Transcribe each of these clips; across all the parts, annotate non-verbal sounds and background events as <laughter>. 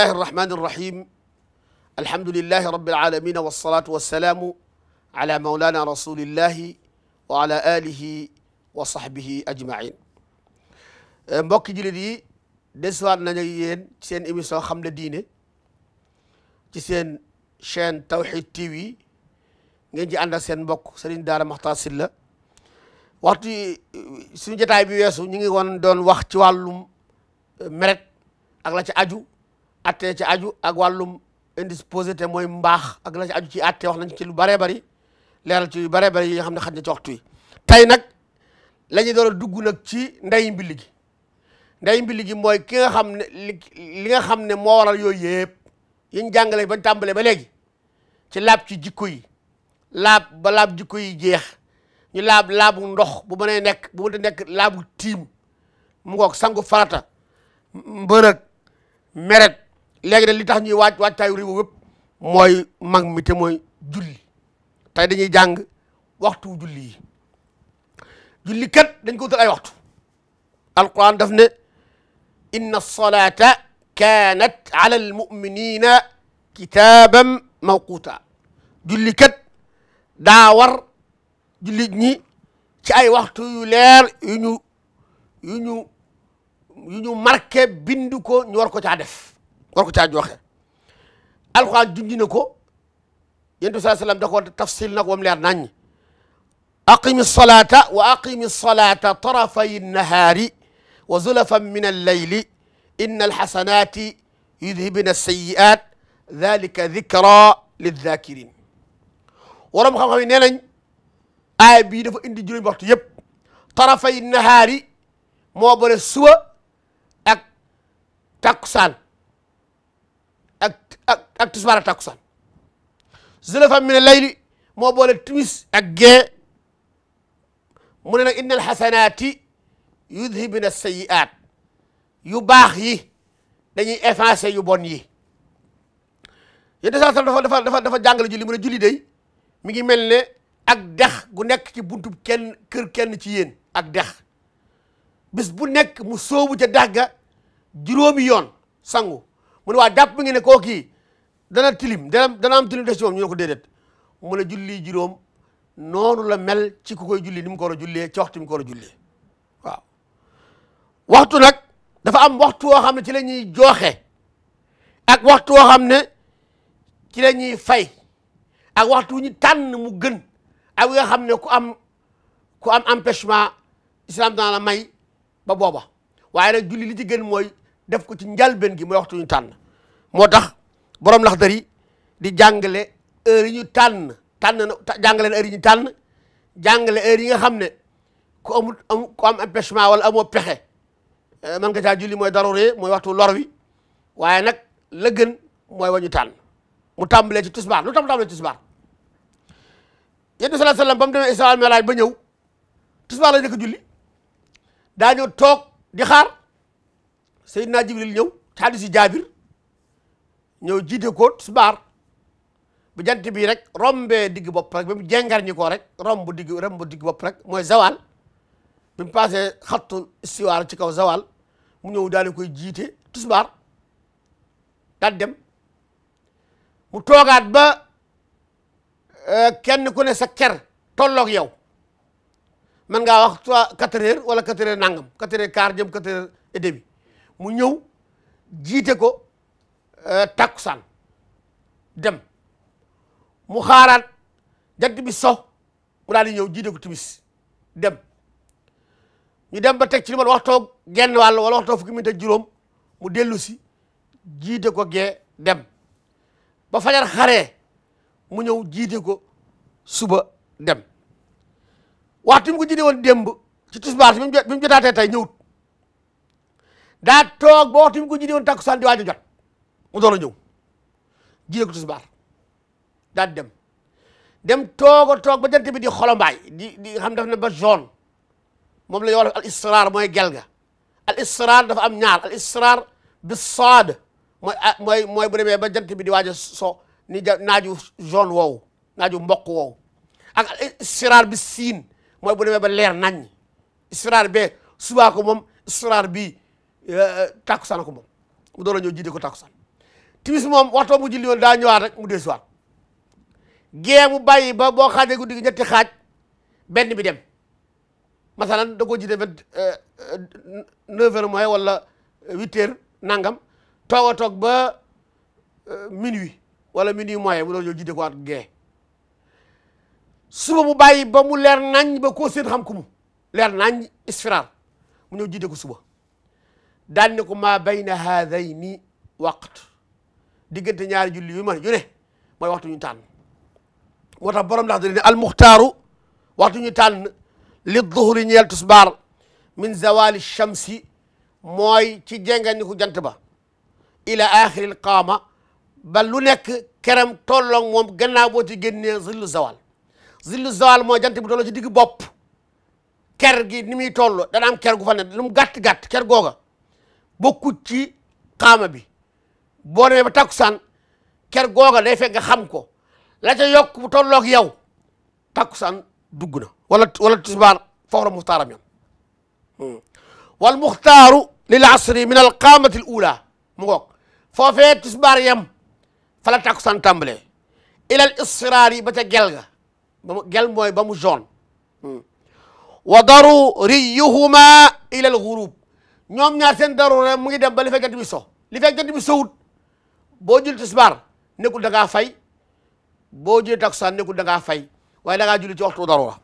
الله الرحمن الرحيم الحمد لله رب العالمين والصلاة والسلام على مولانا رسول الله وعلى آله وصحبه أجمعين mbokki jullit yi desuwaat nañu yéen ci seen émission xam la diine ci seen chaîne Tawhid TV ngeen ci ànd ak seen mbokk Serigne Daara Makhtar Sylla waxtu suñu jotaay bi weesu ñu ngi woon doon wax ci wàllum eh, meret ak la ci aju attee ci aju ak wàllum indisposé te mooy mbaax ak la ci aju ci atte wax nañ ci lu bëree bari leeral ci yu bëree bëri yi xam ne xaj ne ci waxtu tey nag la ñuy a dugg nag ci ndey mbili gi ndey mbili gi mooy ki nga xam ne li nga xam ne moo waral yooyu yëpp yiñ jàngale bañ tàmbalee ba léegi ci laab ci jikko yi laab ba laab jikko yi jeex ñu laab laabu ndox bu mënee nekk bu mënta nekk laabu tiim mu ngoog sangu farata mbërëg meret léegi de li tax ñuy waaj waajtaayu réew yëpp mooy mag mite mooy julli tey dañuy jàng waxtu julli yi julli kat dañ ko wutal ay waxtu alquran daf ne inna salata kanat ala almuminina kitaaban mawquta julli kat daa war jullit ñi ci ay waxtu yu leer yu ñu yu ñu yu ñu bind ko ñu war ko caa def war ko caa joxe alxuraan junj na ko yonent bi sallallahu alayhi wasallam da ko tafsil na ko wam leer naññ aqimi salata wa aqimi salata tarafayi nahaari wa zulafan min alleyli inna alxasanati yudhibna alsayi'at dalika dikra lizakirin waroom xam-xam yi nee nañ aaya bii dafa indi juróomi waxtu yëpp tarafay nahaari moo boole suba ak takkusaan ak ak ak tisbaar ak takkusaan zulafan min al-layli moo boole timis ak gee mu ne nag inna alxasanaati yudhibna as-sayyi'aat yu baax yi dañuy effacer yu bon yi yéen dafa dafa dafa dafa jàngale julli mu ne julli day mi ngi mel ne ak dex gu nekk ci buntu kenn kër kenn ci yéen ak dex bis bu nekk mu sóobu ca dex ga juróomi yoon sangu mu ne waa jàpp ngi ne koo kii dana tilim dana dana am tilim des ci moom ne ko déedéet mu ne julli juróom noonu la mel ci ku koy julli ni mu ko war a jullee ci waxtu mu ko war a nag dafa am waxtu woo xam ne ci la ñuy jooxe ak waxtu woo xam ne ci la ñuy fay ak waxtu wu ñu tànn mu gën ak wi ne ku am ku am empêchement islam dana la may ba booba waaye nag julli li ci gën mooy def ko ci njalbeen gi mooy waxtu ñu tànn moo tax borom Laxdari di jàngale heure yi ñu tànn tànn na jàngale na heure yi ñu tànn jàngale heure yi nga xam ne ku amul am ku am empêchement wala amoo pexe euh, man nga caa julli mooy daruree mooy waxtu lor wi waaye nag la gën mooy wañu tànn mu tàmbalee ci tisbaar lu tax mu tàmbalee ci tisbaar yéen sallallahu alayhi mu demee Israa Mi'raaj ba ñëw tisbaar la njëkk a julli daa ñëw toog di xaar Seydina Jibril ñëw ci hadiis si Jaabir ñëw jiite ko tisbaar bu jant bi rek rombee digg bopp rek ba mu jengar ñi ko rek romb digg romb bopp rek mooy zawal bi mu passé xattu istiwaar ci kaw zawal mu ñëw daal di koy jiite tisbaar daal dem mu toogaat ba euh, kenn ku ne sa ker tolloog yow mën ngaa wax trois quatre heures wala quatre heures nangam quatre heures jëm quatre heures et demi mu ñëw jiite ko euh, takkusaan dem mu xaaraat jant bi so mu daal di ñëw jiite ko timis dem ñu dem ba teg ci li ma waxtoo genn wàll wala waxtoo fukki minute juróom mu dellu si jiite ko gee dem ba fajar xaree mu ñëw jiite ko suba dem waxtu mu ko jiite woon démb ci tisbaar bi mu jotaatee tey ñëwut daa toog ba waxtu mu ko jiite woon takkusaan di waaj a jot mu door a ñëw jiite ko tisbaar daa dem dem toog toog ba jant bi di xolombaay di di xam daf ne ba jaune moom la ñu al israr mooy gelga ga al israr dafa am ñaar al israr bi saad mooy ah, bu demee ba jant bi di waaj a so ni naaju jaune woowu naaju mboq woowu ak al israr bi siin mooy bu demee ba leer naññ israr bee subaa ko moom israr bii Euh, tàkkusaan ko moom mu door a ñëw jiite ko tàkkusaan timis moom waxtoo mu julli woon daa ñëwaat rek mu desuwaat gee mu bàyyi ba boo xaajee guddi gi ñetti xaaj benn bi dem masalan da koo jiite vingt euh, euh, neuf heures mooy wala nangam toog a toog ba minuit wala minuit mooy mu door ñëw jiite ko waat gee suba mu bàyyi ba mu leer nañ ba koo seen xam leer nañ isfiraar mu ñëw jiite ko suba daan ne ko maa bayna haadayni waqt diggante ñaari julli yu man yu ne mooy waxtu ñu tànn moo tax borom ndax dane ne almuxtaaru waxtu ñu tànn li duhuri ñeel tusbaar min zawali shamsi mooy ci jenganiku jant ba ila axiril qaama ba lu nekk kerem tolloog moom gannaaw boo ci génnee zillu zawal zillu zawal mooy jant bu tolloo ci digg bopp ker gi ni muy toll dana am ker gu fa ne lu mu gàtt-gàtt ker googa bokkut ci xaama bi boo demee ba takkusaan ker googa day fekk nga xam ko la ca yokk bu tolloog yow takkusaan dugg na wala wala tisbaar foofu la muxtaaram yam hmm. wal muxtaaru lil asri min al qaamati al ula mu ngoog foofee tisbaar yam fa la takkusaan tàmbalee ilal isfiraari ba ca gel ga ba mu gel mooy ba mu jaune hmm. wa daruriyuhuma ilal xurub ñoom ñaar seen darura mu ngi dem ba li fekk jant bi li fekk jant bi sowut boo julli tisbaar nekkul da ngaa fay boo julli takusaan nekkul da ngaa fay waaye da ngaa julli ci waxtu darura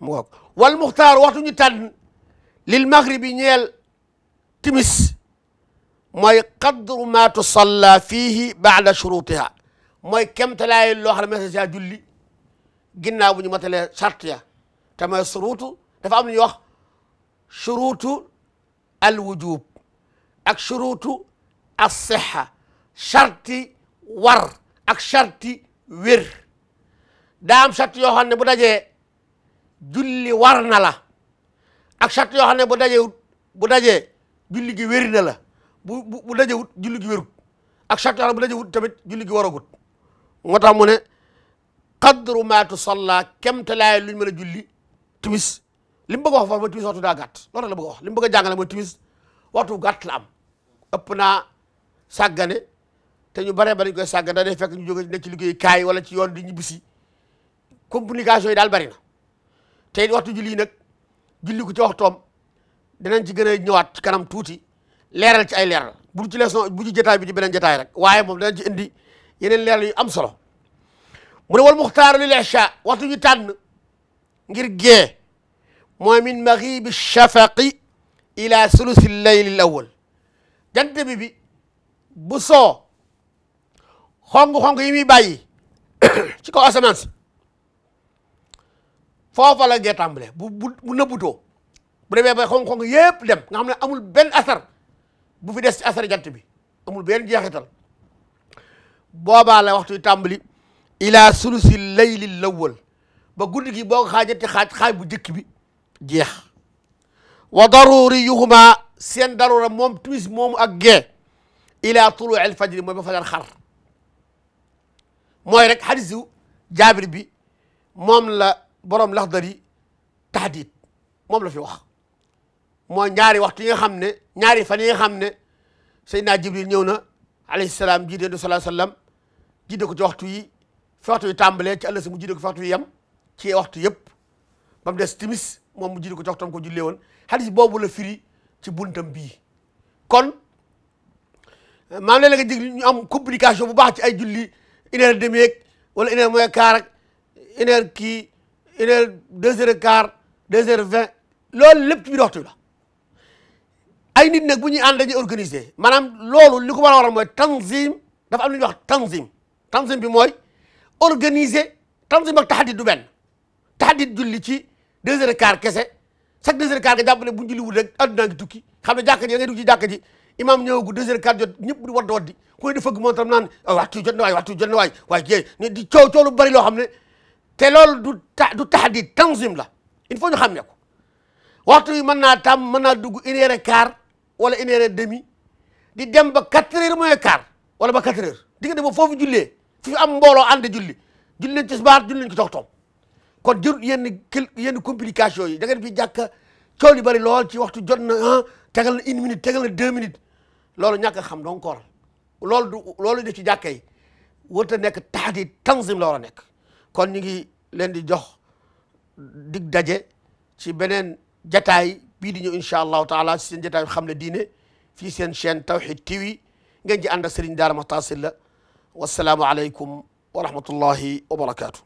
mu ngoog wal muxtaar waxtu ñu tànn lil maghribi ñeel timis mooy qadru ma tusalla fiihi baada shurutiha mooy kemtalaay loo xam ne message yaa julli ginnaaw bu ñu matalee charte ya te mooy suruutu dafa am lu wax churutu alwujub ak churutu alsixa charti war ak charti wér daa am chart yoo xam ne bu daje julli war na la ak chart yoo xam ne bu dajewut bu daje julli gi wér na la bu bu dajewut julli gi wérut ak chart yoo xam ne bu tamit julli gi waragut moo tax mu ne qadru ma tusalla kemtalaay luñ mën a julli timis li mu bëgg a wax foofu mooy timis waxtu daa gàtt loolu la bëgg a wax li mu bëgg a jàngale mooy timis waxtu gàtt la am ëpp na sàggane te ñu bare bari ñu koy sàggane day fekk ñu jóge nekk ci liggéey kaay wala ci yoon di ñibbisi complication yi daal bari na te waxtu julli yi nag julli ko ci waxtoom dinañ ci gën a ñëwaat kanam tuuti leeral ci ay leeral bu ci leçon bu ci jotaay bi ci beneen jotaay rek waaye moom danañ ci indi yeneen leeral yu am solo mu ne wal muxtaaru lil isha waxtu ñu tànn mooy min maxibi shafaqi ila sulusi layli l awal bi bi bu soo xonq-xonq yi muy bàyyi <coughs> ci kaw asamaan si foofa la bu bu nëbbutoo bu demee ba xonq-xonq yépp dem nga xam ne amul benn asar bu fi des ci asar jant bi amul benn jeexital boobaa la waxtu tàmbali ila sulusi layli l ba guddi gi boo ko xaajati xaaj xaaj bu jëkk bi jeex wa daruriyuhuma seen darura moom timis moom ak gee ila tuluu al fajri mooy ba fajar xar mooy rek hadisu jaabir bi moom la borom laxdari tahdid moom la fi wax mooy ñaari waxtu yi nga xam ne ñaari fan yi nga xam ne Seydina Jibril ñëw na alayhi salaam jiite du salaa sallam jiite ko ci waxtu yi fi waxtu yi tàmbalee ci àll mu jiite ko fi waxtu yi yem ci waxtu yëpp ba timis moom mu julli ko jox tam ko jullee woon xadis boobu la firi ci buntam bii kon maam léeg-léeg nga jig ñu am complication bu baax ci ay julli une heure demi ak wala une heure moins quart ak une heure kii une heure deux heures quart deux heures vingt loolu lépp ci biir waxtu la ay nit nag bu ñuy ànd dañuy organiser maanaam lool li ko war a waral mooy tanzim dafa am lu ñuy wax tanzim tanzim bi mooy organiser tanzim ak taxadit du benn taxadit julli ci deux heures kese chaque deux heures et quart nga jàpp ne rek àdduna ngi tukki xam ne jàkka ji da ngay dugg ci jàkka ji imaam ñëwagu deux heures et quart jot ñëpp di wadd waddi ku ne di fëgg moom tam naan oh, waxtu jot na waay waxtu jot na waay waay kii ne di coow lu bari loo xam ne te loolu du ta du tahdid tanzim la il faut ñu xam ne ko waxtu yi mën naa tàmm mën naa dugg une heure wala une heure et demi di dem ba quatre heures moins quart wala ba quatre heures di nga dem foofu jullee fi am mbooloo ànd julli julli leen tisbaar julli leen kon jërut yenn yenn complication yi da ngeen fi jàkk coow li bari lool ci waxtu jot na ah tegal na une minute tegal na deux minutes loolu ñàkk a xam donc koor loolu du loolu def ci jàkka yi warut nekk taxdi tanzim la war a nekk kon ñu ngi leen di jox dig daje ci beneen jataay bii di ñëw incha allahu taala si seen jataay bi xam le diine fii seen chaîne Tawhid TV ngeen ci ànd ak Serigne Daara Makhtar Sylla wasalaamu aleykum wa wa barakaatu.